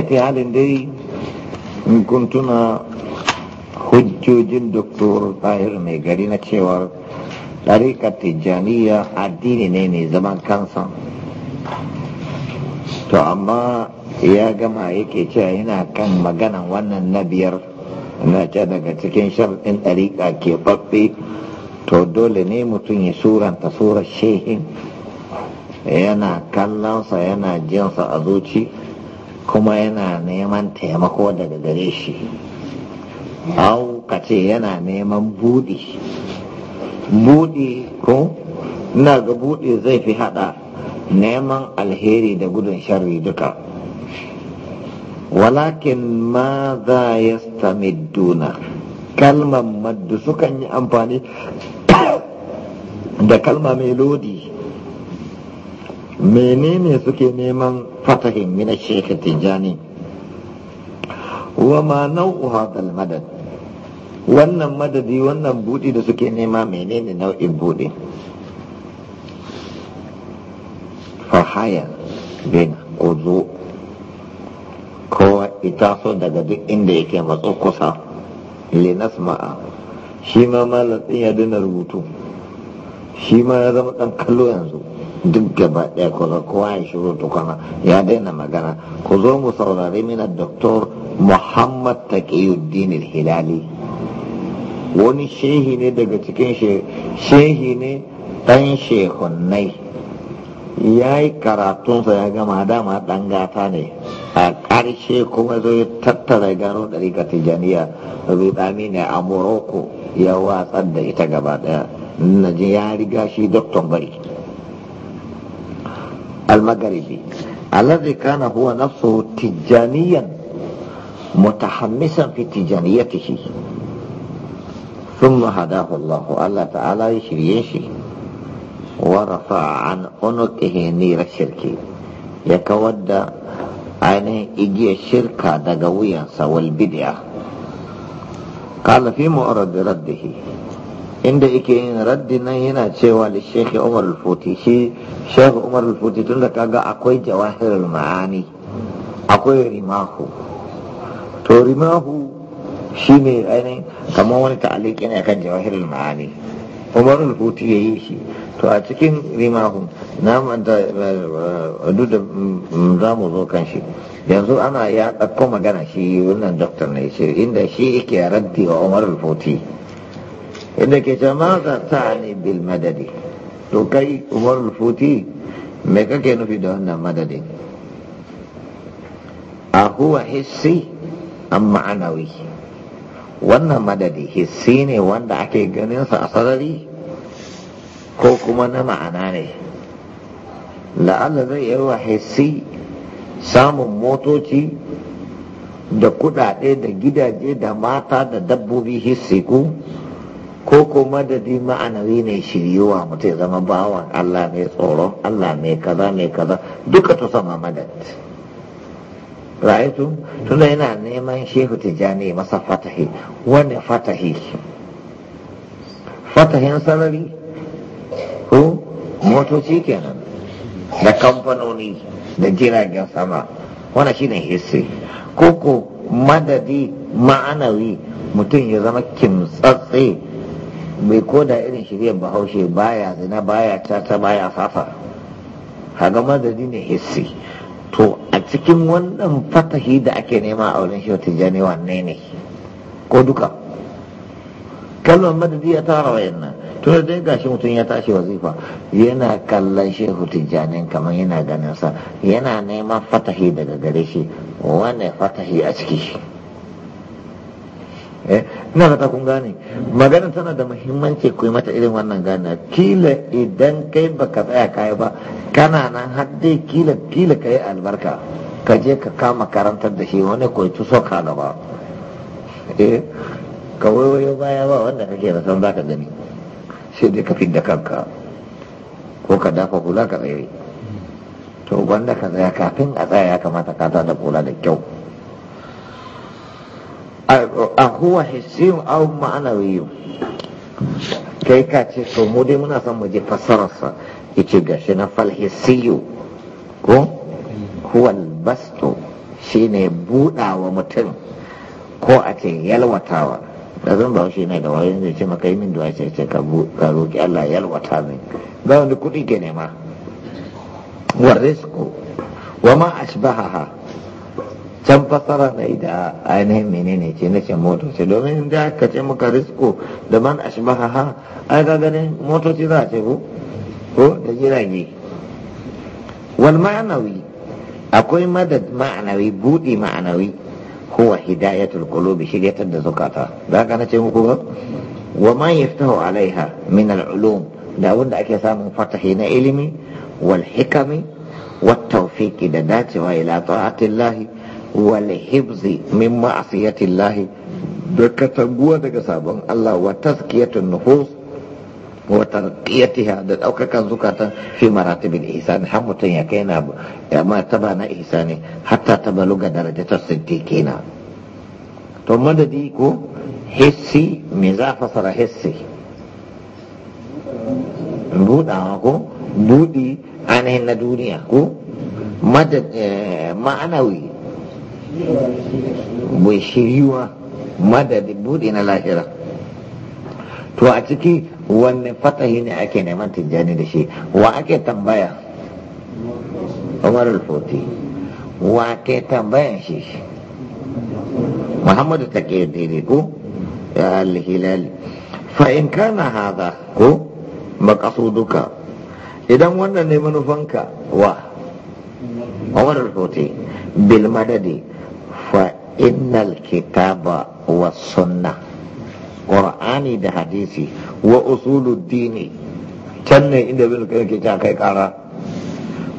fi halin dai in kun tuna hujjojin doktor tahir mai gari na cewar ɗarikar tijjaniya addini ne mai zaman kansa to amma ya gama yake cewa yana kan magana wannan na biyar na ce daga cikin sharɗin ɗarika ke babbe to dole ne mutum ya suranta surar shehin yana kallonsa yana jinsa a zuci kuma yana neman taimako daga gare shi au ka ce yana neman buɗi buɗi ko ina ga buɗi zai fi haɗa neman alheri da gudun sharri duka walakin ma za ya duna kalmar maddu sukan yi amfani da kalma mai lodi menene suke neman fatahin mina shekha tijjani wa ma nau'u hadal madad wannan madadi wannan budi da suke nema menene nau'in buɗi fahaya bin uzu kowa ita so daga duk inda yake matso kusa linas ma'a shi ma malatsin ya dina rubutu shi ma ya zama ɗan kallo yanzu duk gaba ɗaya kuma kowa ya shiru tukuna ya daina magana ku zo mu saurari mina doktor muhammad taqiyuddin hilali wani shehi ne daga cikin shehi ne ɗan shehunnai ya yi karatunsa ya gama dama ɗan gata ne a ƙarshe kuma zai tattara gano ɗari ga tijaniya rudami ne a morocco ya watsar da ita gaba ɗaya na ya riga shi doktor bari المغربي الذي كان هو نفسه تجانيا متحمسا في تجانيته ثم هداه الله الله تعالى يشريشي ورفع عن عنقه نير الشرك يكود عينه إجي الشركة دقويا سوى البدعة قال في مؤرد رده inda yake yin raddi nan yana cewa da shekhi umar al-futi shi shekhi umar al-futi tun da kaga akwai jawahirul ma'ani akwai rimahu to rimahu shi ne ainihin kamar wani ta'aliki kan akan jawahirul ma'ani umar al-futi ya yi shi to a cikin rimahu na manta eh, duk da mm, za mu zo kan shi yanzu ana ya ɗauko magana shi wannan doktor ne shi inda shi yake raddi wa umar al-futi inda ke ce ma za bil madadi to kai umar futi me kake nufi da wannan madadin a huwa hissi an ma'anawi wannan madadi hisi ne wanda ake ganinsa a sarari ko kuma na ma'ana ne la'alla zai yi wa hisi samun motoci da kuɗaɗe, da gidaje da mata da dabbobi hisiku. ko ko madadi ma'anawi ne shiryuwa mutum ya zama bawan Allah mai tsoro, Allah mai kaza mai kaza duka ta sama madad ra'aitu tunda yana neman shehu tijjani masa fatahi wani fatahi fatahin sarari ko motoci kenan da kamfanoni da jiragen sama wannan shine hisse ko ko madadi ma'anawi mutum ya zama kimtsatse mai koda irin shirya bahaushe baya zina baya tata baya fafa haga madadi ne hissi to a cikin wannan fatahi da ake nema a wurin shiwa tijjani wanne ne ko duka kallon madadi ya tara wayan nan tun da ga shi mutum ya tashi wazifa yana kallon shehu tijjani kamar yana ganin sa yana neman fatahi daga gare shi wane fatahi a ciki ina fata kun gane magana tana da muhimmanci ku yi mata irin wannan gane kila idan kai baka tsaya kai ba kana nan har dai kila kila kai albarka ka je ka kama karantar da shi wani ko ci so ka gaba eh ka wayo baya ba wanda kake da san zaka gani sai dai ka fidda kanka ko ka dafa kula ka tsaye to wanda ka tsaya kafin a tsaya ya kamata ka tada kula da kyau a huwa hissiyun aw ma'anawiyyun kai ka ce to mu dai muna son mu ji fassararsa yace gashi na fal hissiyu ko huwa albastu shine budawa mutum ko a ce yalwatawa da zan ba shi ne da wayoyin zai ce maka yi min duwa ce ce ka roƙi Allah yalwata min ga wani kuɗi ke nema wa rizqu wa ma ashbahaha can fasara na da ainihin menene ce na ce motoci domin da aka ce muka risko da man ashbaha ha ai ga ganin motoci za a ce ko ko da jirage wal ma'anawi akwai madad ma'anawi budi ma'anawi huwa hidayatul qulubi shiryatar da zukata za ka na ce muku ba wa ma yaftahu alaiha min al da wanda ake samun fatahi na ilimi wal hikami wat tawfiqi da dacewa ila ta'atillahi walhibzi min ma'asiyatillah da katanguwa daga sabon Allah wa tazkiyatun nufus wa tarqiyatiha da daukakan zukatan fi maratibil ihsan har mutum ya kai na ya martaba na ihsani hatta tabaluga darajatar siddiqina to madadi ko hissi me za fasara hissi buɗawa ko budi ainihin na duniya ko eh, ma'anawi bai shiriwa madadin buɗe na lahira to a ciki wanne fatahi ne ake neman tijjani da shi wa ake tambaya umar al-foti wa ke tambayan shi muhammadu ta ke daidai ko ya al fa’in kana haza ko duka idan wannan ne manufanka wa umar al-foti bil madadi Fa'inal kitaba wa sunnah qur'ani da hadisi wa usulul dini tanne inda bin kai ke ta kai kara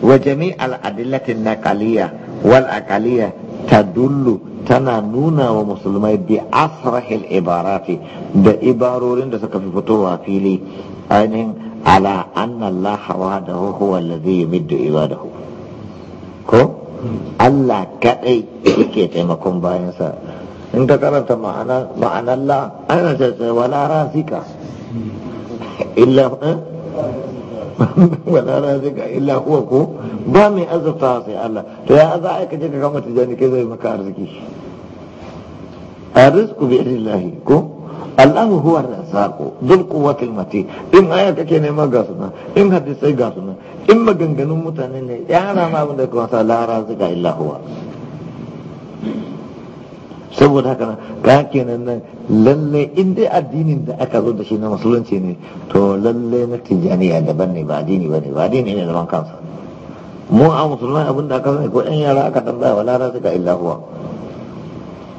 wa jami'al adillatin naqaliyah wal aqaliyah tadullu tana nuna wa musulmai bi asrahil ibarati da ibarorin da suka fitowa fili ainin ala anna allah wahdahu huwal ladhi yamiddu ibadahu ko Allah kaɗai yake taimakon bayansa in ta karanta ma'anar la ana ce wala rasika illa eh? wala rasika illa huwa ko ba mai azurta sai Allah to ya za a yi kaje ka kama tijani ke zai maka arziki arziku bi lahi ko Allah huwa razaqu dul quwwatil mati in aya kake nema ga suna in hadisai ga suna in maganganun mutane ne yara ma abin da kuma sa la razika illa huwa saboda haka ka kenan nan lalle in dai addinin da aka zo da shi na musulunci ne to lalle na tijaniya daban ne ba addini ba ne ba addini ne zaman kansa mu a musulmai abinda aka sani ko yan yara aka tambaya wala razika illa huwa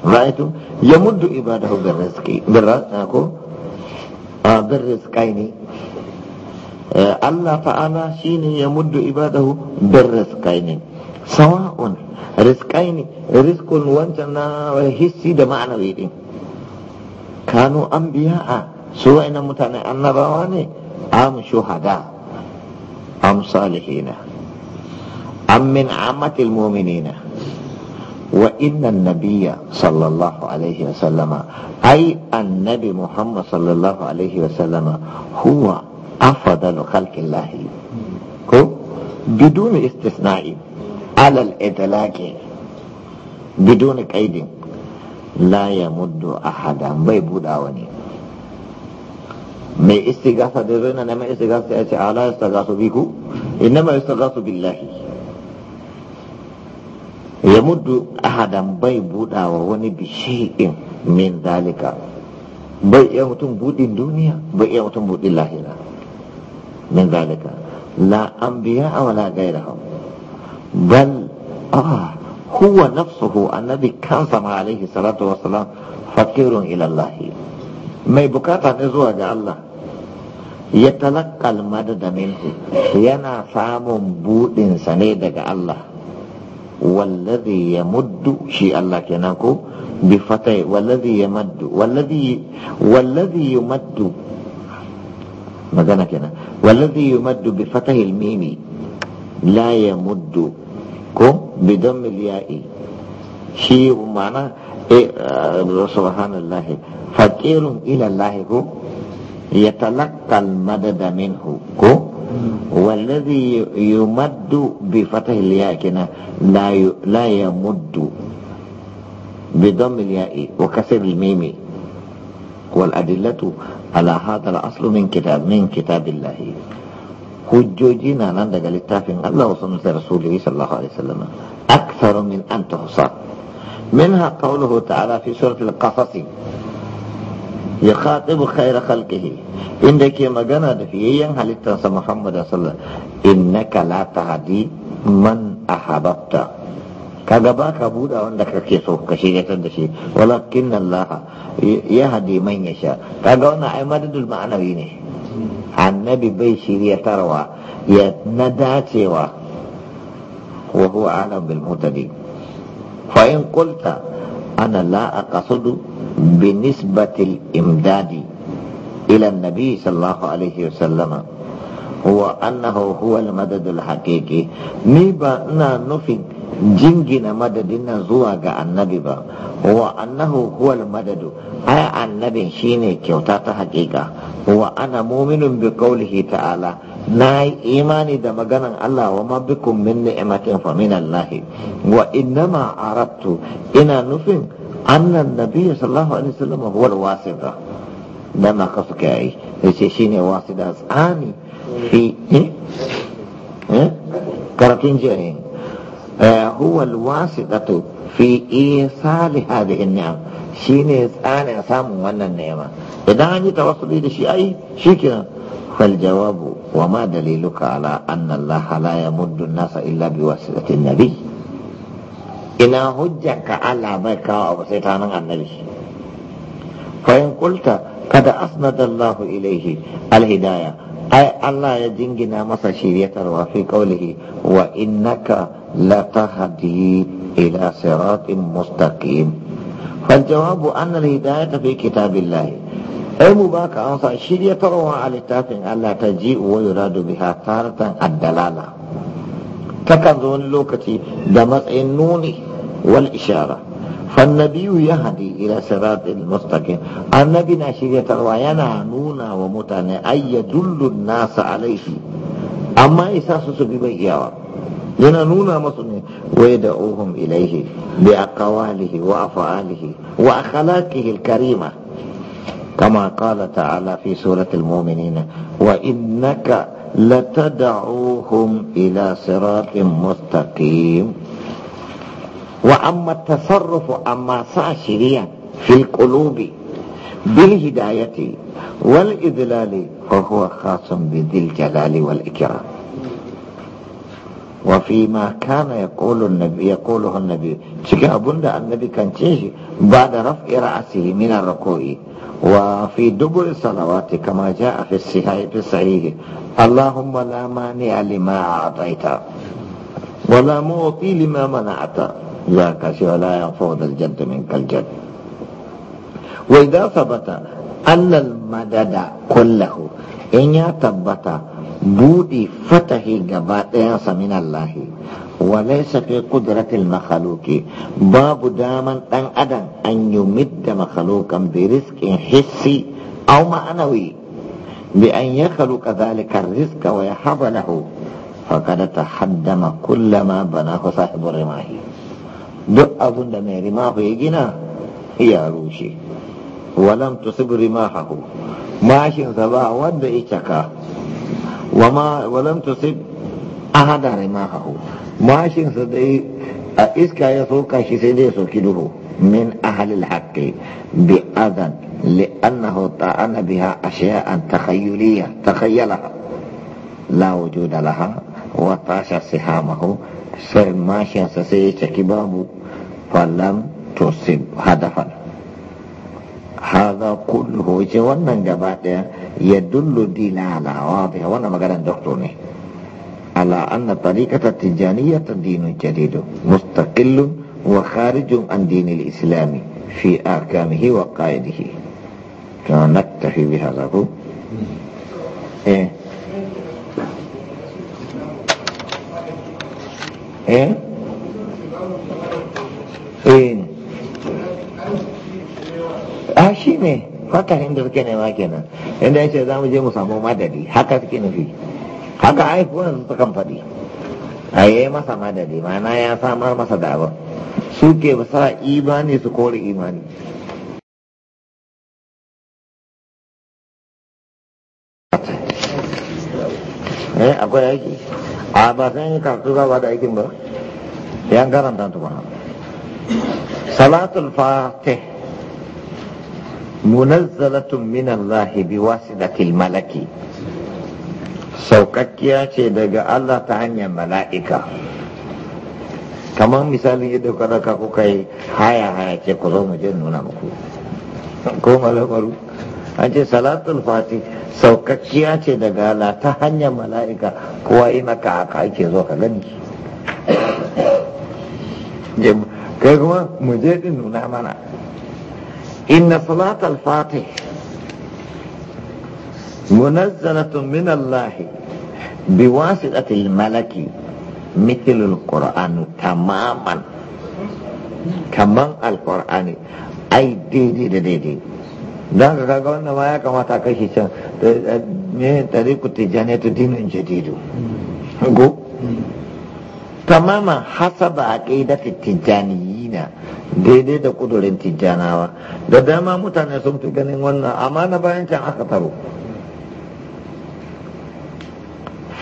ra'aytu yamuddu ibadahu birrizqi birrazqi birrizqaini Allah ta'ala shine yamuddu ibadahu birrizqaini sawa'un rizqaini rizqun wancan na hissi da ma'anawi din kanu an anbiya'a su wa'annan mutane annabawa ne am shuhada am salihina am min wa innan nabiya sallallahu alaihi wa wasallama ai annabi muhammad sallallahu alaihi wa wasallama huwa afadalu khalqin lahi ko biduni istisna'i alal idlaqi biduni qaidin la yamuddu ahadan bai buda wani mai istigasa da zai na mai istigasa ya ce ala ya istigasa biku inna mai istigasa billahi ya muddu ahadan bai budawa wani bishi'in min dalika bai iya mutum budin duniya bai iya mutum budin lahira min dalika la an biya a wala gaira hau bal ah huwa nafsuhu annabi kansa ma alaihi salatu wa salam fakirun ilallahi mai bukata ne zuwa ga Allah ya talakkal madada yana samun budinsa ne daga Allah wallazi yamuddu shi Allah kenan ko bi fatai wallazi yamuddu wallazi wallazi magana kenan wallazi yamuddu bi fatahil mim la yamuddu ko bi dammil ya'i shi mana e subhanallah fakirun ila Allah ko yatalaqqal madada minhu ko والذي يمد بفتح الياء كنا لا لا يمد بضم الياء وكسر الميم والأدلة على هذا الأصل من كتاب من كتاب الله حجوجنا لن دقل التافن الله وصنة رسوله صلى الله عليه وسلم أكثر من أن تحصى منها قوله تعالى في سورة القصص ya khatib khair khalqihi inda ke magana da fiyayyen halittarsa Muhammad sallallahu alaihi innaka la tahdi man ahabbta kaga baka buda wanda kake so ka shiryatar da shi walakin Allah ya hadi man yasha kaga wannan ai madadul ma'anawi ne annabi bai shiryatarwa ya na dacewa wa huwa alam bil mutadi fa in qulta أنا لا أقصد بنسبة الإمداد إلى النبي صلى الله عليه وسلم هو أنه هو المدد الحقيقي ميبا نا نفي جنجنا مددنا زواغا النبي با هو أنه هو المدد أي النبي شيني كيوتات حقيقة هو أنا مؤمن بقوله تعالى na yi imani da maganan Allah wa ma bikum min ni'matin fa min Allah wa innama arabtu ina nufin annan nabiyyu sallallahu alaihi wasallam huwa al-wasita dan haka suka yi yace shine wasita tsani fi eh, eh karatun jiya ne eh, huwa al-wasitatu fi isali hadhihi ni'am shine tsanin samun wannan ni'ima idan an yi tawassuli da shi ai shikenan fal jawabu وما دليلك على أن الله لا يمد الناس إلا بواسطة النبي إلى هجك على بكاء وسيطانا النبي فإن قلت قد أسند الله إليه الهداية أي الله يجنجنا مصا شرية في قوله وإنك لتهدي إلى صراط مستقيم فالجواب أن الهداية في كتاب الله ai mu ba ka amsa shirya a littafin Allah ta ji wa yuradu biha taratan addalala takan zo wani lokaci da matsayin nuni wal ishara fannabiyu ya hadi ila siratil mustaqim annabi na shirya tarwa yana nuna wa mutane ayyadullu nasa alaihi amma isa su su bi bai iyawa yana nuna masu ne wai da ohun ilaihi bi aqwalihi wa afalihi wa akhlaqihi al-karima كما قال تعالى في سورة المؤمنين وإنك لتدعوهم إلى صراط مستقيم وأما التصرف أما ساشريا في القلوب بالهداية والإذلال فهو خاص بذي الجلال والإكرام وفيما كان يقول النبي يقوله النبي شكا أبونا النبي كان تيجي بعد رفع رأسه من الركوع وفي دبر الصلوات كما جاء في الصحيح في الصحيح اللهم لا مانع لما اعطيت ولا معطي لما منعت يا كسي ولا يفوض الجد منك الجد واذا ثبت ان المدد كله ان يثبت بودي فتحي غبا من الله walaysa fi qudratil makhluqi bab daman tang adang an yumidda makhluqan bi rizqin hissi aw ma'nawi bi an yakhluqa dhalika ar-rizqa wa yahaba lahu faqad tahaddama kullama banahu sahibu rimahi duk abun da mai rimahu ya gina ya rushe walam tusib rimahahu mashin sa ba wanda ya caka wa ma walam tusib ahada rimahahu mashinsa dai a iska ya sauka shi sai dai soki duhu min ahalil haqqi bi adan li'annahu ta'ana biha ashiya'an takhayyuliyya takhayyalaha la wujuda laha wa tasha sihamahu sai mashinsa sai ya caki babu falam tusib hadafan هذا كله جوانا جبات يدل دلالة واضحة وانا مقالا دكتور على أن طريقة التجانية دين جديد مستقل وخارج عن دين الإسلام في أحكامه وقائده فنكتفي بهذا هو إيه إيه إيه a shi ne fata inda suke nema kenan inda ya ce za mu madadi haka haifuwan ta kamfani. a yi masa madadi mana ya samar masa dawa. abin suke sa imani su kore imani eh akwai aiki a ba sai yi karatu za ba da aikin ba yan karanta tukuna salatul fatih munazzalatun minan Allah wasu da kilmalaki. saukakkiya ce daga Allah ta hanyar mala'ika kamar misalin yadda kada ka kuka yi haya haya ce ku zo mu je nuna muku ko malamaru an ce salatul fati saukakkiya ce daga Allah ta hanyar mala'ika kowa yi maka haka ake zo ka gani kai kuma mu je din nuna mana inna salatul fati منزلة من الله بواسطة الملك مثل القرآن تماما كما القرآن أي دي دي دي دي, دي. don ka kaga wannan ma ya kamata kashi can me tariku tijaniyatu dinin jadidu go tamaman hasaba aqidati tijaniyina daidai da kudurin tijanawa da dama mutane sun fi ganin wannan amma na bayan can aka taro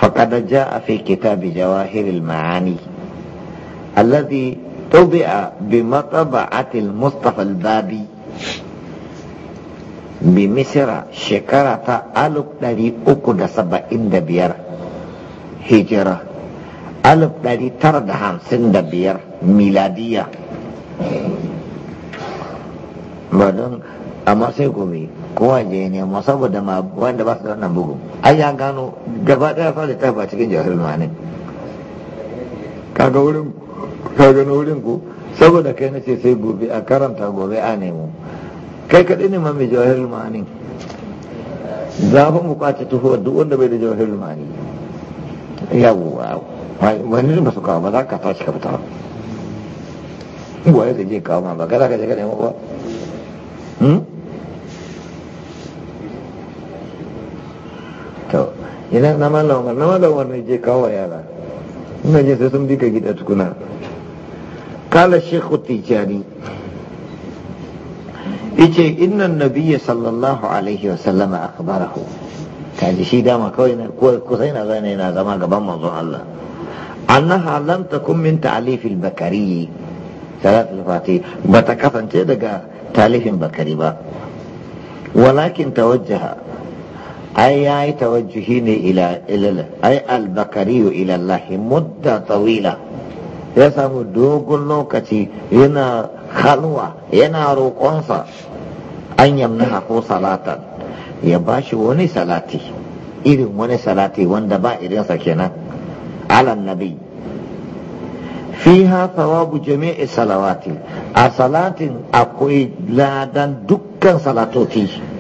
فقد جاء في كتاب جواهر المعاني الذي طبع بمطبعة المصطفى البابي بمصر شكرة ألف داري أكد سبعين دبير هجرة ألف داري ترد خمسين دبير ميلادية بدون amma sai gobe kowa je ne nemo saboda ma wanda ba su da nan bugu ai ya gano gaba daya fa da tafa cikin jahil ma'anin kaga wurin kaga gano wurin ku saboda kai nace sai gobe a karanta gobe a nemo kai kadai ne mai ma ne za mu mu kwace tuho duk wanda bai da jawahirul ma'ani yawwa wani ba su kawo ba za ka tashi ka fita ba ya je kawo ma ba kada ka je ka nemo ba hmm? ina na mala umar na mala umar ne je kawo yara ina je sai sun bi ka gida tukuna kala shekhu tijani yace inna Nabiya sallallahu alaihi wa sallama akhbarahu kaji shi dama kawai na kusa yana zane na zama gaban manzon Allah annaha lam takun min ta'lif al-bakari salat al-fati bata kasance daga talifin bakari ba walakin tawajjaha ai ya yi tawajjuhi ne ila ilala ai albakariyu ila Allah mudda tawila ya samu dogon lokaci yana halwa yana roƙonsa an yamna ko salatan ya ba shi wani salati irin wani salati wanda ba irinsa kenan alan nabi fiha thawabu jami'i salawati a salatin akwai ladan dukkan salatoci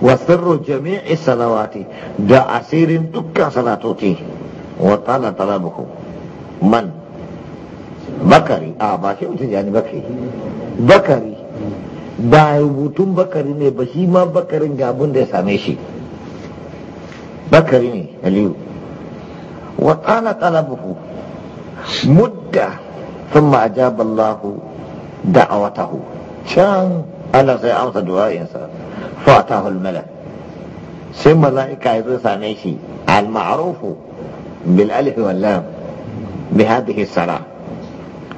wa sirru jami'i salawati da asirin dukkan salatoti wa tala talabuhu man bakari a ba shi mutum ni bakari bakari ba rubutun bakari ne ba shi ma bakarin ga abin da ya same shi bakari ne aliyu wa tala talabuhu mudda thumma ajaba Allahu da'awatahu can Ana sai amsa du'a'insa فأتاه الملك sai mala'ika ya zai same shi al-ma'rufu bil bai wal lam bi hadhihi salah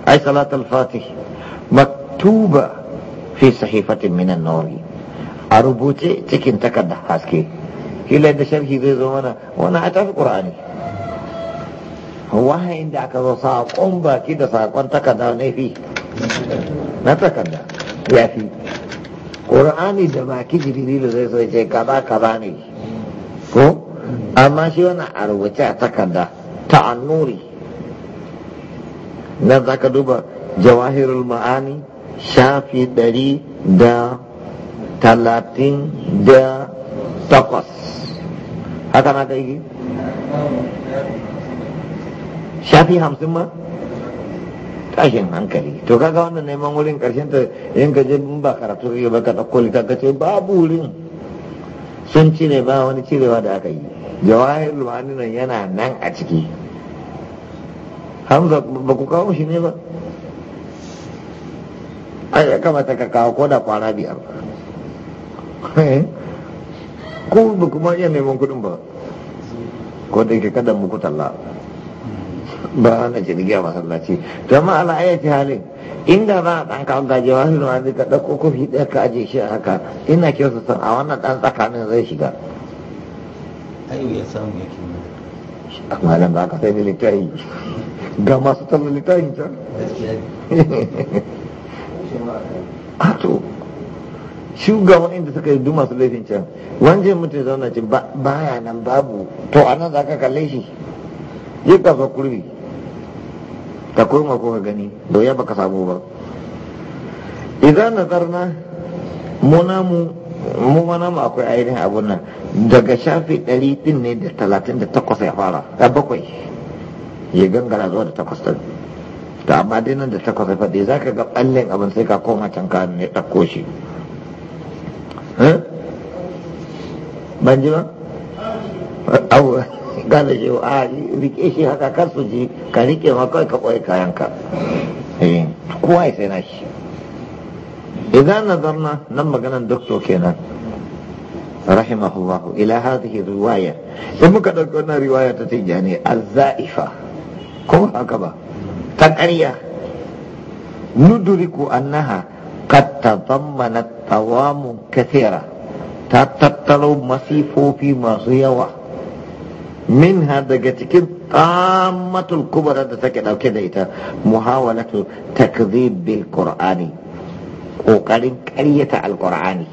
ay al-fatih maktuba fi sahifatin min an-nur a rubuce cikin takarda, haske kila da sharhi zai zo mana wannan a tafi qur'ani wahayin da aka zo saƙon baki da saƙon takarda na fi na takarda ya fi ƙur'ani da baki da zai so ce kaza kaza ne ko amma shi wani a rubuce a takarda ta annuri nan za ka duba jawahirul ma'ani shafi ɗari da talatin da takwas haka na ka yi shafi hamsin ma tashin hankali to kaga wannan neman wurin karshen ta in ka je ba karatu kake ba ka dauko ka ce babu wurin sun cire ba wani cirewa da aka yi jawahir nan yana nan a ciki hamza ba ku kawo shi ne ba ai ya kamata ka kawo ko da kwana biyar ko ba kuma eh? iya neman kudin ba ko da yake kada muku talla ba na jirgi a masallaci zama ala ayati halin inda za a ɗan kawo wasu da wani ka ɗauko kofi ɗaya ka aje shi a haka ina kyau su san a wannan ɗan tsakanin zai shiga amma nan ba ka sai da littafi ga masu tallar littafi can a to shugaban inda suka yi duk su laifin can wancan mutum zauna ce ba ya nan babu to a nan za ka kalle shi yi kasuwar kurmi ka koma ko ka gani doya baka samu ba idan na mu munamu mu ma mu akwai ainihin abun nan daga shafi ɗari ɗin ne da talatin da takwas ya fara ya bakwai ya gangara zuwa da takwas ɗin ta amma dai nan da takwas ya faɗi za ka ga ɓallen abin sai ka koma can ka ne ɗakko shi eh? ban ji ba? gane shi a rike shi haka kan su ji ka rike ma kawai ka ɓoye kayanka eh, kowa ya sai na shi idan na zarna nan maganan doktor kenan rahimahullahu ila hadhihi riwaya in muka dauki na riwaya ta tijani az-za'ifa ko haka ba ta ƙarya nudriku annaha qad tadammanat tawamu kathira ta tattalo masifofi masu yawa minha daga cikin tsammatul kubarar da take ɗauke da ita muhawalatu takzib bil qur'ani ƙoƙarin ƙaryata alƙur'ani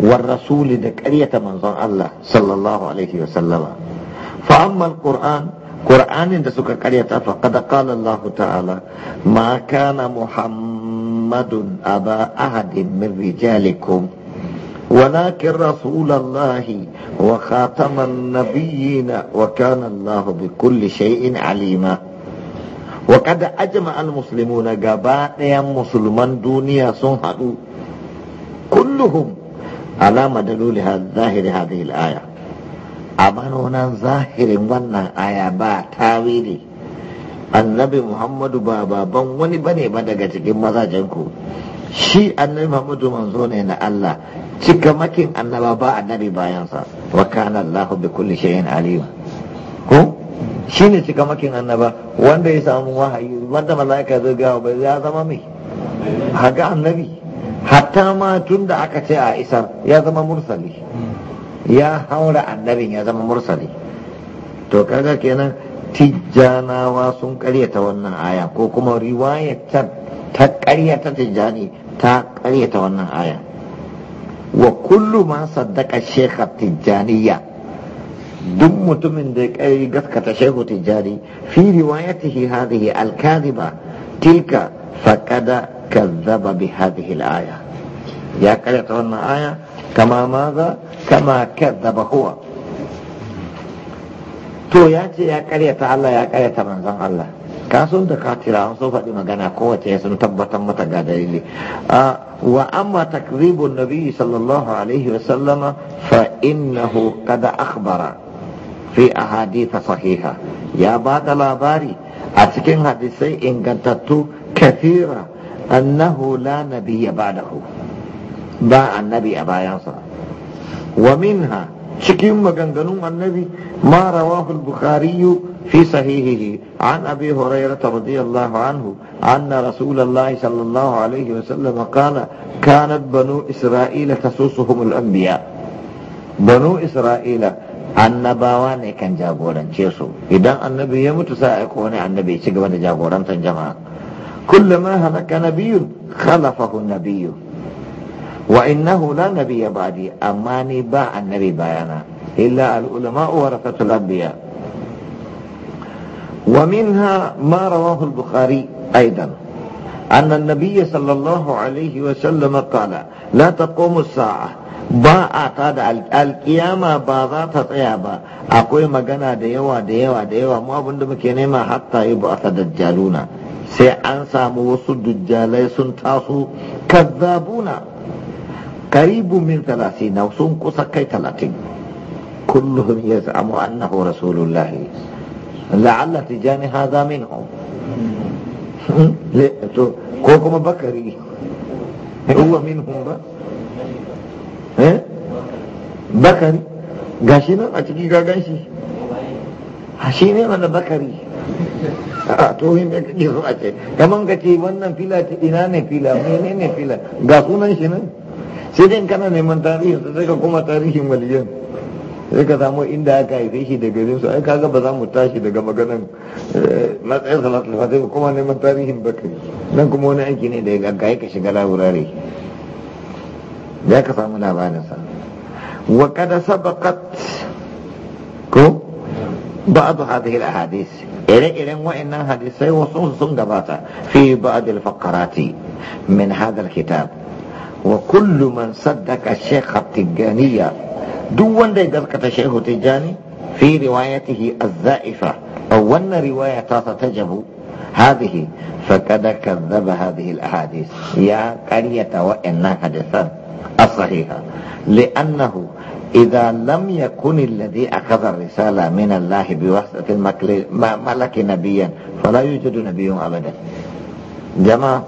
war rasuli da ƙaryata manzon Allah sallallahu alaihi wa fa ammal qur'an qur'anin da suka ƙaryata fa qad Allah ta'ala ma kana muhammadun aba ahadin min rijalikum ولكن رسول الله وخاتم النبيين وكان الله بكل شيء عليما وقد أجمع المسلمون قبائل مسلمان دنيا صنحوا كلهم على مدلول ظاهر هذه الآية أمانونا ظاهر وانا آية با تاويلي annabi muhammadu ba baban wani بني ba daga cikin mazajenku shi annabi muhammadu manzo ne na Allah cikamakin annaba ba annabi bayansa wa kana Allahu bi kulli shay'in alim ko shine cikamakin annaba wanda ya samu wahayi wanda malaika zai ga ba ya zama mai haga annabi hatta ma tunda aka ce a isar ya zama mursali ya haura annabin ya zama mursali to kaga kenan tijjanawa sun karyata wannan aya ko kuma riwayatar ta karyata tijjani ta karyata wannan aya wa kullu ma saddaka shekha duk mutumin da ya gaskata shehu tijjani fi riwayatihi hadhihi al-kadhiba tilka faqada kazzaba bi hadhihi al-aya ya karyata wannan aya kama maza kama kazzaba huwa to ya ce ya karyata Allah ya karyata manzon Allah kasun da katira sun faɗi magana kowace ya sun tabbatar mata ga dalili wa amma takribun nabi sallallahu alaihi wa sallama fa innahu kada akhbara fi ahadith sahiha ya ba da labari a cikin hadisai ingantattu kathira annahu la nabiyya ba'dahu ba annabi a bayansa wa minha cikin maganganun annabi ma rawahu al-bukhari fi sahihihi an abi hurairah radiyallahu anhu anna rasulullahi sallallahu alaihi wa sallam qala kanat banu isra'ila tasusuhum al-anbiya banu isra'ila annabawa ne kan jagorance su idan annabi ya mutu sai aiko wani annabi ya ci gaba da jagorantar jama'a kullama halaka nabiyyun khalafahu nabiyyun wa innahu la nabiyya ba'di amma ni ba annabi bayana illa al ulama wa rafatul anbiya wa minha ma rawahu sallallahu alayhi wa sallam qala la taqumu as ba ata da al-qiyama ba za ta tsaya ba akwai magana dayawa yawa dayawa yawa da mu abinda muke nema hatta yi ba dajjaluna sai an samu wasu dujjalai sun taso kazzabuna karibu min talatina sun kusa kai talatin kulluhum ya zama annahu rasulullahi la'alla tijani haza minhum to ko kuma bakari huwa minhum ba eh bakari gashi a cikin gagan a shi ne mana bakari a to yin da kake so a ce kamar ka wannan fila ta ina ne fila mene fila ga sunan shi nan sai dai kana neman tarihin sai ka kuma tarihin waliyan sai ka samu inda aka haife shi da garin su ai kaga ba za mu tashi daga maganan eh, matsayin ba fatiha kuma neman tarihin bakari nan kuma wani aiki ne da ya gaggaye ka shiga laburare ya ka samu sa wa kada sabakat ko بعض هذه الأحاديث إلى wasu sun gabata. Fi سنة في بعض الفقرات min هذا kitab. wa kullu man saddaka shaykh tijaniya duk wanda ya gaskata shehu tijani fi riwayatihi az-za'ifa aw wannan riwaya ta tajabu هذه فقد كذب هذه الأحاديث يا قرية وإن حدثا الصحيحة لأنه إذا لم يكن الذي أخذ الرسالة من الله بواسطة الملك نبيا فلا يوجد نبي أبدا جماعة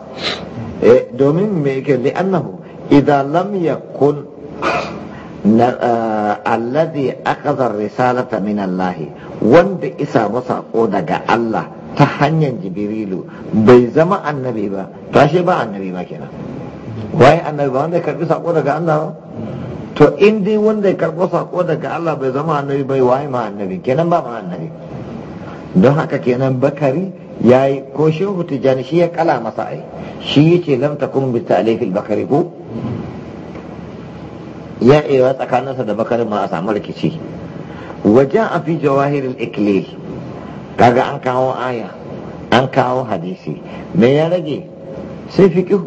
دومين لأنه إذا لم يكن الذي أخذ الرسالة من الله وند إسا وساقو دقى الله تحنيا جبريل بيزما النبي با تاشي با النبي ما كنا waye annabi ba wanda ya karbi sako daga Allah to in dai wanda ya karbo sako daga Allah bai zama annabi bai waye ma annabi kenan ba ma annabi don haka kenan bakari yayi ko shehu tijani shi ya kala masa ai shi yace lam takun bi ta'lif al-bakari ko ya iya tsakaninsa da bakarin ma a samu rikici wajen a fi jawahirin ikile kaga an kawo aya an kawo hadisi me ya rage sai fiƙihu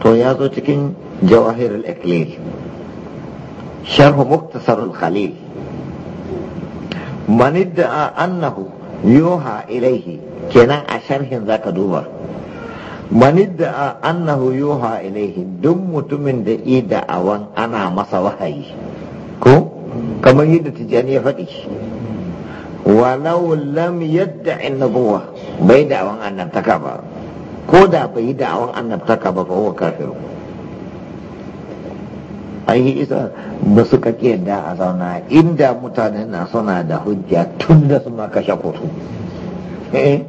to ya zo cikin jawahirin ikile sharhu muktasarul khalil man annahu yuha ilaihi kenan a sharhin zaka duba manidda annahu yuha ilaihi duk mutumin da i da'awan ana masa wahayi ko kamar yadda tijani ya faɗi walau lam yadda annabuwa bai da'awan annabtaka ba ko da bai da'awan annabtaka ba fa huwa An yi isa ba su kake da a zauna inda mutane na suna da hujja tun da ma kashe kotu eh?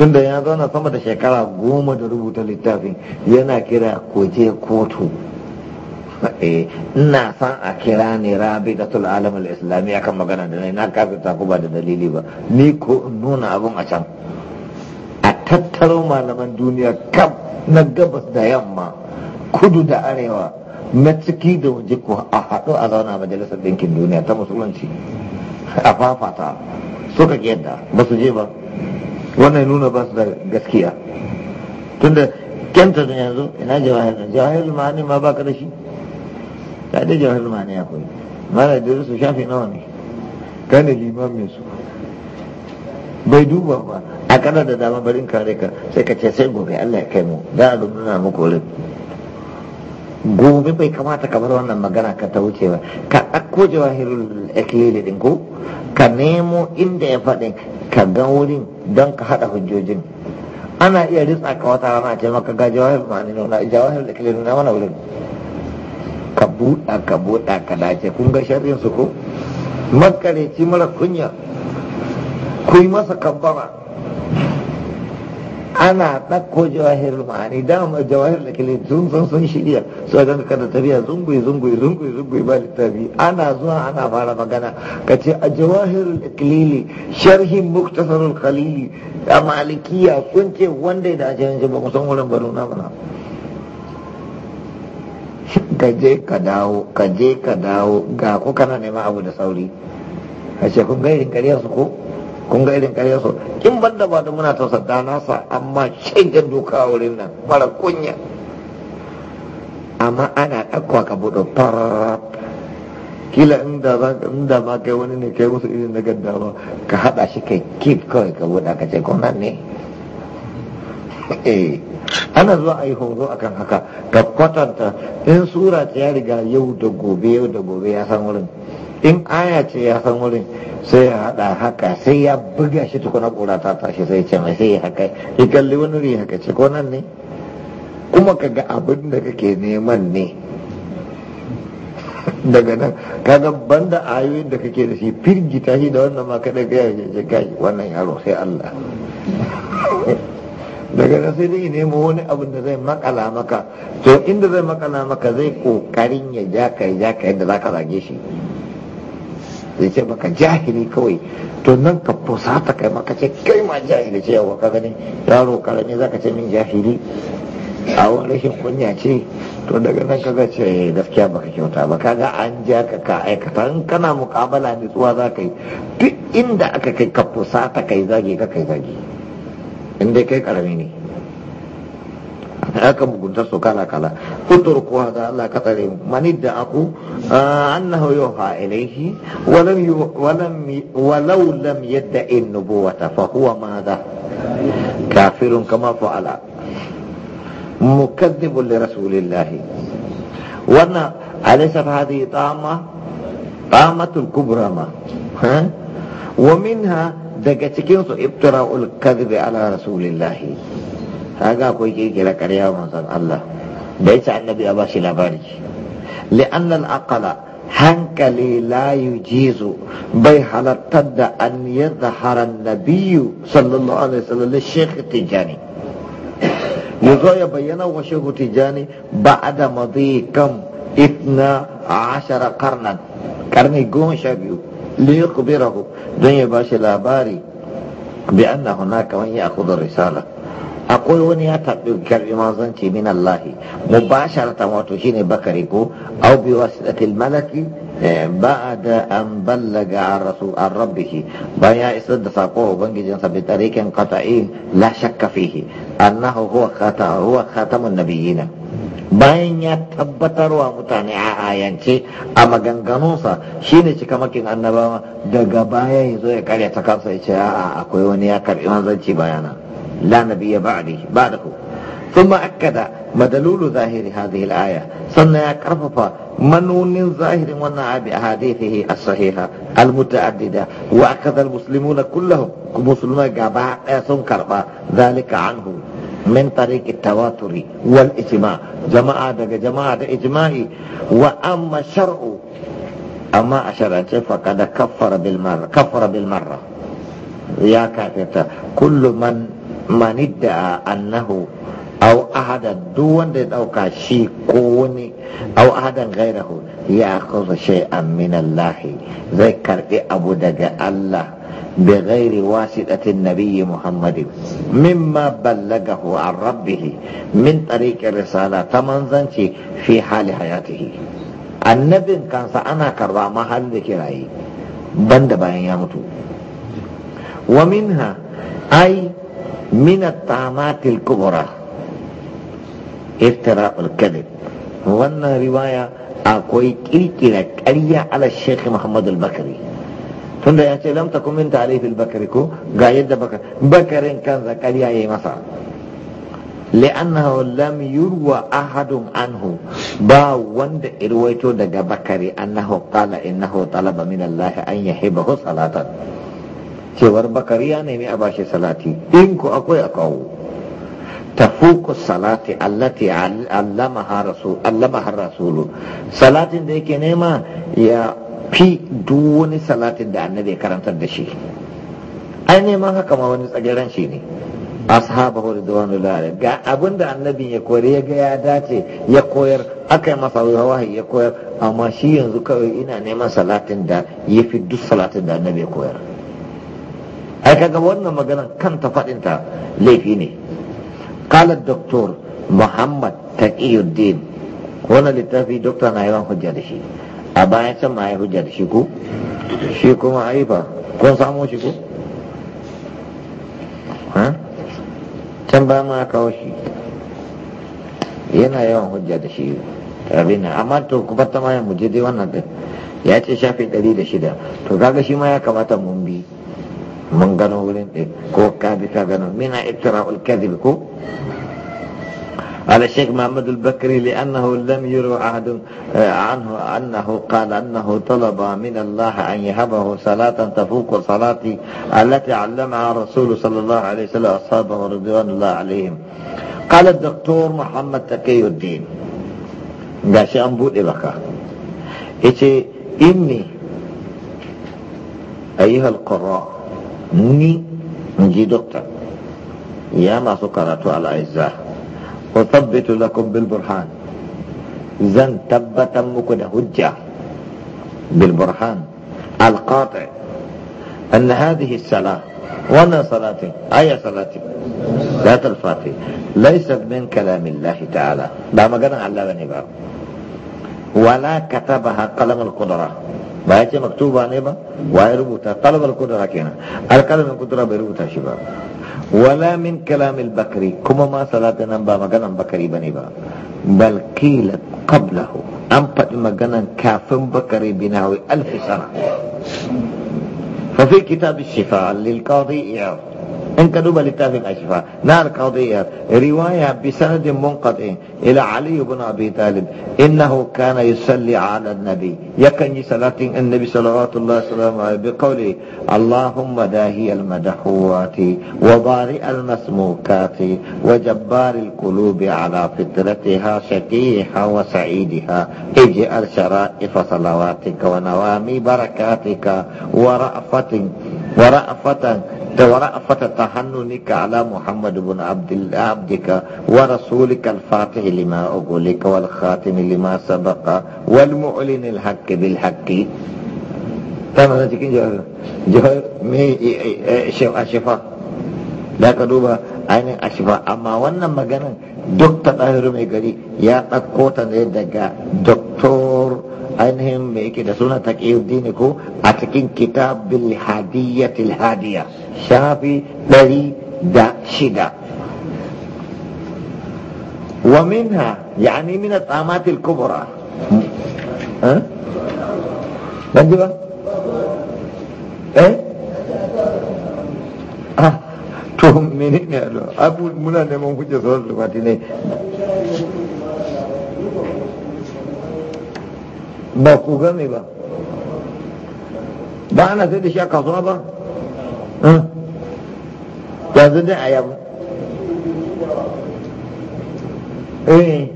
tunda ya zauna sama da shekara goma da rubuta littafin yana kira koje kotu eh, ina san a kira ne rabi da tul alam al-islami akan magana da nai na kafin ta ba da dalili ba ni ko nuna abun a can a tattaro malaman duniya kam na gabas da yamma kudu da arewa na ciki da waje ko a haɗu a zauna majalisar ɗinkin duniya ta musulunci a fafata suka yadda ba su je ba wannan nuna ba su da gaskiya tunda kyanta sun yanzu ina jawahir nan jawahir ma'ani ma baka da shi ta da jawahir ma'ani ya koyi mara da su shafi nawa ne liman mai su bai duba ba a kana da dama barin kare ka sai ka ce sai gobe Allah ya kai mu da a nuna muku wurin gobe bai kamata ka bar wannan magana ka ta wuce ba ka ɗakko jawahirul ikhlili din ko ka nemo inda ya faɗi ka ga wurin don ka haɗa hujjojin ana iya ritsa ka wata rana ce maka ga jawahir ma'ani nuna jawahir da na mana wurin ka buɗa ka buɗa ka dace kun ga sharrin su ko makareci mara kunya Kuyi masa kabbara ana ɗakko jawahir ma'ani dama jawahir da kilin sun san sun shirya su a ganka da tafiya zungui zungui zungui zungui ba littafi ana zuwa ana fara magana ka ce a jawahir da kilili sharhin muktasarul khalili a malikiya kun ce wanda ya ajiyar shi ba san wurin baro na mana ka je ka dawo ka je ka dawo ga ku kana neman abu da sauri a ce kun gairin kariyar su ko kun ga irin karyar su in ban da ba da muna ta sadda nasa amma shaidan doka a wurin nan mara kunya amma ana ɗakwa ka buɗe farar kila inda ba inda ma kai wani ne kai musu irin na gadda ba ka haɗa shi kai kif kawai ka buɗa ka ce ko ne eh ana zuwa a yi horo akan haka ka kwatanta in sura ta ya riga yau da gobe yau da gobe ya san wurin in aya ce ya san wurin sai ya haɗa haka sai ya buga shi tukuna ƙura ta tashi sai ce mai sai ya haka ya kalli wani wuri haka ce ko nan ne kuma ka ga abin da kake neman ne daga nan kaga banda ayoyin da kake da shi firgita shi da wannan ma kada ga yaje ce kai wannan yaro sai Allah daga nan sai dai nemo wani abin da zai makala maka to inda zai makala maka zai kokarin ya ja ka ya ja ka yadda zaka zage shi ya ce maka jahili kawai to nan ka fusata kai maka ce kai ma jahili ce yawa ka gani yaro karami zaka ce min jahili a wani rashin kunya ce to daga nan kaga ce gaskiya baka kyauta ba kaga an ja ka ka aikata in kana mukabala ne tsuwa za ka yi duk inda aka kai ka fusata kai zage ka kai zage in dai kai karami ne haka mugunta su kala kala utur kuwa da Allah ka tsare mani da aku annahu yuha ilayhi walam walam walau lam yadda yadda'i nubuwata fa huwa madha kafirun kama fa'ala mukaththibun li rasulillahi wannan alaysa hadhihi tama tamatul kubra ma Wa daga دقتكين ابتراء الكذب على ala, الله ga akwai kirkira karya manzon Allah da yace annabi a bashi labari li'anna al-aqala hankali la yujizu bai halartar da an yadhhara haran nabiyyu sallallahu alaihi wasallam shaykh tijani yazo ya bayyana wa shaykh tijani ba'da madi kam itna ashara qarnan karni goma sha biyu li yukhbirahu don ya bashi labari bi na hunaka man ya'khudhu kudu risala akwai wani ya taɓi karɓi manzanci min ba sharata wato shine bakari ko aw bi wasilatil malaki eh, da an ballaga an rasu an rabbihi bayan ya isa da sako ubangijin sa bi tariqin qat'in la shakka fihi annahu huwa khata huwa khatamun nabiyina bayan ya tabbatarwa mutane a ayance a maganganunsa shine cika makin annabawa daga baya ya zo ya karya ta kansa ya ce a'a akwai wani ya karbi manzanci bayana لا نبي بعده بعده ثم أكد مدلول ظاهر هذه الآية صنع كرفف منون ظاهر ونعى بأحاديثه الصحيحة المتعددة وأخذ المسلمون كلهم مسلمون جابا سنكر ذلك عنه من طريق التواتر والإجماع جماعة دقى جماعة إجماعي وأما الشرع أما أشرع فقد كفر بالمرة كفر بالمرة يا كافرة كل من manidda a annahu au ahadan duk wanda ɗauka shi ko wani au ahadan gairahu ya kusa shai amin allahi zai karɓi abu daga allah da gairi wasiɗatin nabiyyi muhammadin mimma ballagahu an rabbihi min tsariƙin risala ta manzanci fi hali hayatihi annabin kansa ana karba mahal da kiraye banda bayan ya mutu wa minha ai من kubura, الكبرى افتراء الكذب wannan riwaya akwai kirkira ƙarya ala sheikh muhammad al-bakari tunda ya ce lamta kun min ta'alif al-bakari ko ga yadda bakarin kansa ƙarya yayi masa li'annahu lam yurwa ahadun anhu ba wanda irwaito daga bakari an annahu in innahu talaba min allah an ko salatan cewar bakari ya nemi a bashi salati in ku akwai a kawo fuku salati allati allama har rasulu salatin da yake nema ya fi duk wani salatin da annabi karantar da shi ai neman haka ma wani tsagiran shi ne da wani lare. ga abinda annabi ya kore ya ga ya dace ya koyar aka yi masa wahayi ya koyar amma shi yanzu kawai ina neman salatin da ya fi duk salatin da annabi ya koyar ai kaga wannan maganar kanta faɗinta laifi ne kala doktor muhammad taqiyuddin wannan littafi doktor na yawan hujja da shi a bayan can ma ya hujja da shi ko shi kuma haifa kun samo shi ko can ba ma kawo shi yana yawan hujja da shi rabina amma to ku fatta ma ya muje dai wannan din ya ce shafi ɗari da shida to kaga shi ma ya kamata mun bi من قالوا wurin كو ko ka من gano الكذب كو على الشيخ محمد البكري لأنه لم يرو عهد آه، عنه أنه قال أنه طلب من الله أن يهبه صلاة تفوق صلاة التي علمها رسول صلى الله عليه وسلم أصحابه رضوان الله عليهم قال الدكتور محمد تقي الدين قاشي أنبوت لك إيش إني أيها القراء muni ji doktor ya masu karatu al'aizza wa tabbitu lakum bil burhan zan tabbatar muku da hujja bil burhan al qati an hadhihi salah wannan salatin aya salatin ذات الفاتح ليست من كلام الله تعالى لا مجانا على بني باب ولا كتبها قلم القدره ba ya ce maktuba ne ba wa ya rubuta talabar kudura kenan alkalamin kudura bai rubuta shi ba wala min kalamil bakari kuma ma salata nan ba maganan bakari ba ne ba bal kila qablahu an faɗi maganan kafin bakari binawi alfi sana fa fi kitab shifa lil qadi iyad إن كدوب لتافق أشفاء نار قضية رواية بسند منقطع إلى علي بن أبي طالب إنه كان يصلي على النبي يكن صلاة النبي صلوات الله وسلامه عليه بقوله اللهم داهي المدحوات وبارئ المسموكات وجبار القلوب على فطرتها شقيها وسعيدها اجعل شرائف صلواتك ونوامي بركاتك ورأفة ورأفة da wara a fatata hannu ni ka ala muhammad bin abdullahi abdika wa rasulika al-fatih lima ugulika wal khatim lima sabaka wal mu'lin al-haqq bil haki. tana na cikin jihar jihar mai ashifa da ka duba ainihin ashifa amma wannan maganin dokta ta ɗahiru mai gari ya ɗauko ta ne daga doktor ainihin mai yake da suna taqiyuddin ko a cikin kitabul hadiyatil hadiya shafi ɗari da shida wa minha min al-tamatil kubra eh ji ba eh ah to abu muna neman hujja sauran ne ba ku game ba ba ana sai da shi a kasuwa ba yanzu dai a yaba eh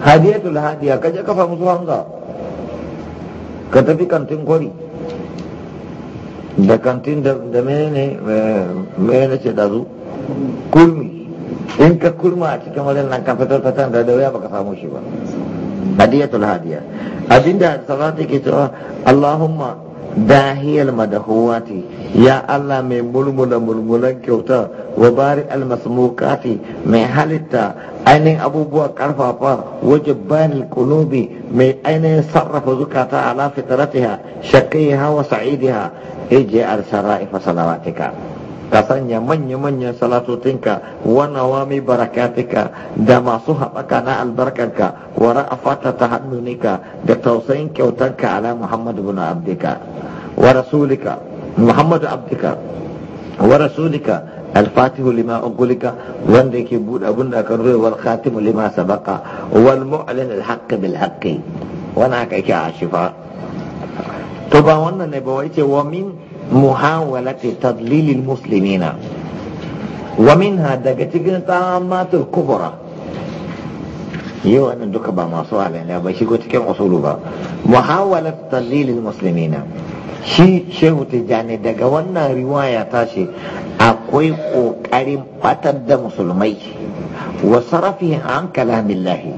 hadiyatul hadiya ka je kafa musu hanga ka tafi kantin kwari da kantin da menene menene eh, ce da kurmi, in ka kurma a cikin wajen nan ka fitar ta da da wuya baka samu shi ba hadiyatul hadiya abinda salati ke allahuma Allahumma dahiyal madahuwati ya Allah mai mulmula mulmulan kyauta wa bari almasmukati mai halitta ainihin abubuwa karfafa waje bani kunubi mai ainihin sarrafa zukata ala fitratiha shaqiha hawa sa'idiha ij'al sara'ifa salawatika ka sanya manya salatu tingka wa nawami barakatika da masu haɓaka na albarkanka wa ra'afata ta hannunika da tausayin kyautanka ala Muhammadu bin abdika wa rasulika Muhammadu abdika wa rasulika الفاتح لما أغلق وندك بود أبن كروي والخاتم لما سبق والمعلن الحق بالحق وانا كيك عاشفا تبا وانا نبويت ومن Muhawarar ta tallilin Musulmina. Wani ina da tashar da ta ganin tsaron nan duka ba masu allah, bai shigo cikin usulu ba. Muhawarar ta tallilin Musulmina. Shi Shehu ta daga wannan riwaya tashe. Akwai ƙoƙarin fatan da Musulmai. wa sarafi an kalamillahi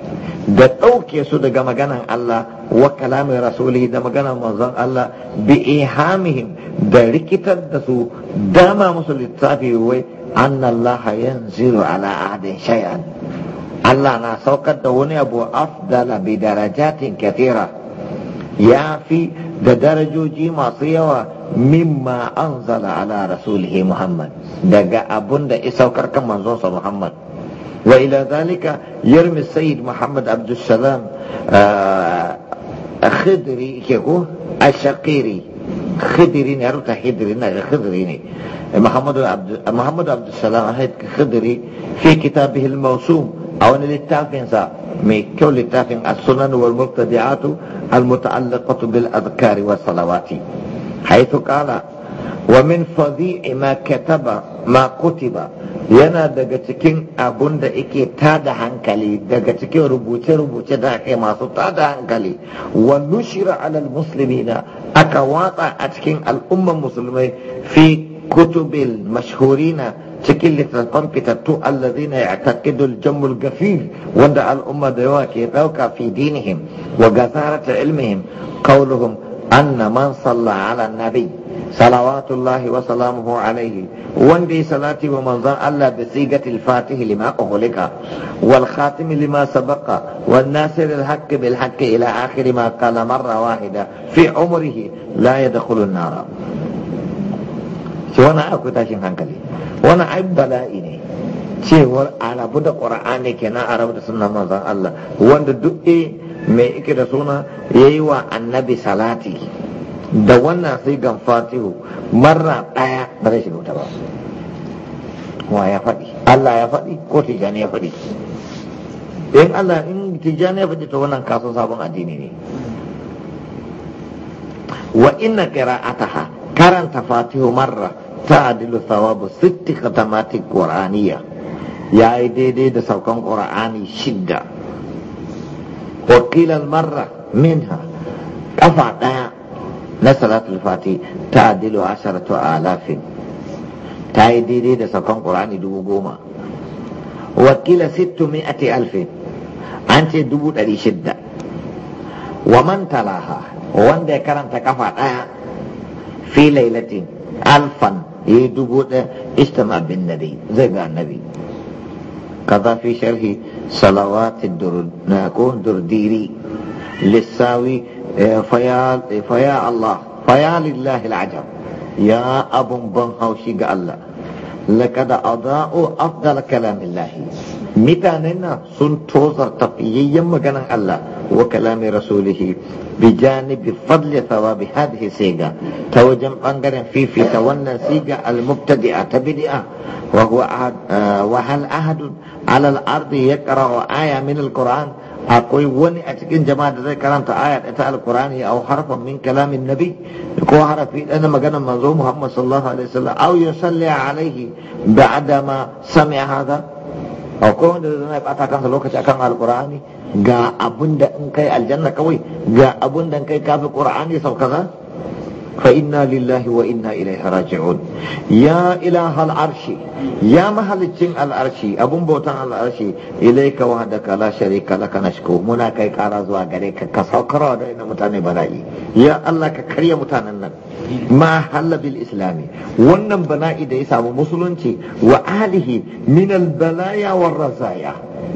da ɗauke su daga maganan Allah wa kalamin rasuli da maganan manzon Allah bi ihamihim da rikitar da su dama musu littafi wai annallaha yanziru ala adin shay'an Allah na saukar da wani abu afdala bi darajatin katira ya fi da darajoji masu yawa mimma zala ala rasulihi Muhammad daga abun da isaukar kan manzonsa Muhammad وإلى ذلك يرمي السيد محمد عبد السلام آه، خدري كيكو الشقيري خضري نعرفت خضري خضري محمد عبد محمد عبد السلام خدري في كتابه الموسوم أو للتافين للتافين مي كل التافين السنن والمبتدعات المتعلقة بالأذكار والصلوات حيث قال ومن فظيع ما كتب ما كتب yana daga cikin abun da yake tada hankali daga cikin rubuce-rubuce da ake masu tada hankali wa nushira alal muslimina aka watsa a cikin al'ummar musulmai fi kutubil mashhurina cikin littattafan fitattu allazina ya'taqidu al-jamm al wanda al'umma da yawa ke dauka fi dinihim wa gazarata ilmihim qawluhum anna man salla ala nabi salawatullahi wa salamuhu alaihi wanda ya salati wa manzan Allah bi sigatil fatih lima qahulika wal khatim lima sabaqa wan nasir al bil haqq ila akhir ma qala wahida fi umrihi la yadkhulu an nara shi akwai tashin hankali wannan ai bala'i ne cewar arabu da qur'ani kenan rabu da suna manzan Allah wanda duk eh, mai ike da suna yayi wa annabi salati da wannan sigan fatihu marra ɗaya ba zai shiga wuta ba wa ya faɗi Allah ya faɗi ko tijjani ya faɗi in Allah in tijjani ya faɗi to wannan kaso sabon addini ne wa inna qira'ataha karanta fatihu marra ta'dilu thawabu sitti ƙoraniya qur'aniyya yi daidai da saukan qur'ani shidda wa qila min marra minha kafa daya na salatul fati ta adilu asharatu alafin ta yi daidai da sakon Kur'ani dubu goma wakila sittu mi'ati alfin an ce dubu ɗari shidda wa man talaha wanda ya karanta kafa ɗaya fi lailatin alfan ya yi dubu ɗaya istama bin nabi zai ga annabi kaza fi sharhi salawatin durdiri lissawi Eh, eh, faya Allah faya lillahi al'ajab ya abun ban haushi ga Allah laqad adaa'u afdal kalamillah mitanen nan sun tozar tafiyayyen maganan Allah wa kalami rasulihi bi janibi fadl thawabi hadhihi ta wajen bangaren fifita wannan siga al mubtadi'a ta bid'a wa huwa eh, wa hal ahad ala al ardi yaqra'u aya min al qur'an akwai wani a cikin jama'a da zai karanta ayat ta alkurani au harfan min kalamin nabi ko harafi ɗan maganar manzo Muhammad sallallahu alaihi wasallam aw salli alaihi ba'da ma sami'a hada akwai wanda zai bata kansa lokaci akan alkurani ga abunda in kai aljanna kawai ga abunda in kai kafi qur'ani sau kaza فإنا لله وإنا إليه راجعون يا إله العرش يا محل الجن العرش أبن بوتان العرش إليك وحدك لا شريك لك نشكو منا كي كاراز وغريك كسوكرا دين متان بلائي يا الله ككريا متان ما حل بالإسلام ونن بنائي دي سامو مسلنتي وآله من البلايا والرزايا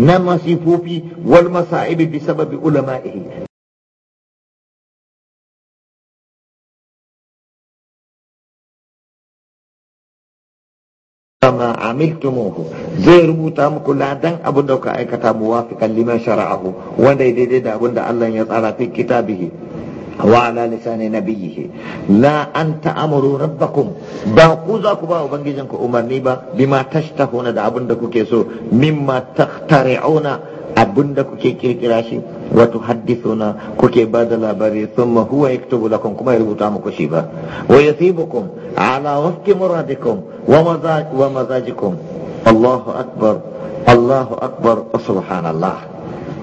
نما سيفوفي والمصائب بسبب علمائه kama amiltumuhu zai rubuta muku ladan abin da kuka aikata muwafiqan liman shara'ahu wanda ya daidai da abin da Allah ya tsara fi kitabihi wa ala lisani nabiyhi la anta amuru rabbakum ba ku za ku ba ubangijin ku umarni ba bima tashtahuna da abin da kuke so mimma tahtari'una abin da kuke kirkira shi wa tuhaddithuna kuke ba da labari thumma huwa yaktubu lakum kuma ya rubuta muku shi ba wa yasibukum على وفق مرادكم ومزاج ومزاجكم الله أكبر الله أكبر سبحان الله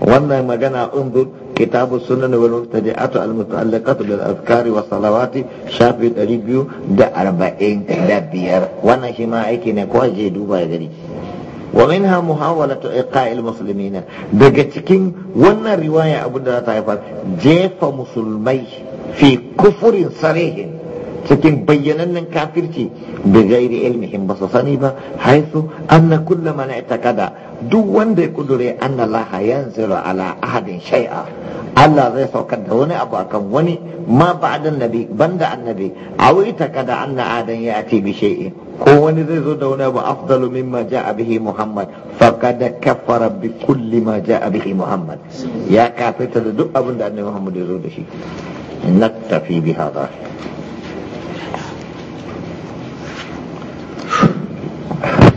وانا ما جنا انظر كتاب السنن والمبتدئات المتعلقات بالأذكار والصلوات شافي تريبيو دا أربعين دا بيار وانا شماعيكي نكوا جيدوبا يدري ومنها محاولة إيقاع المسلمين daga cikin wannan riwaya abin da za ta haifar jefa musulmai fi kufurin sarihin cikin bayyanannen kafirci da gairi ilmihim ba su sani ba haisu anna kulla mana itakada duk wanda ya kudure anna laha yanziru ala Allah zai saukar da wani abu akan wani ma banda annabi aw itakada anna adan ya'ti bi shay'in ko wani zai zo da wani abu afdalu mimma ja'a bihi Muhammad faqad ya da duk abin da da shi Thank you.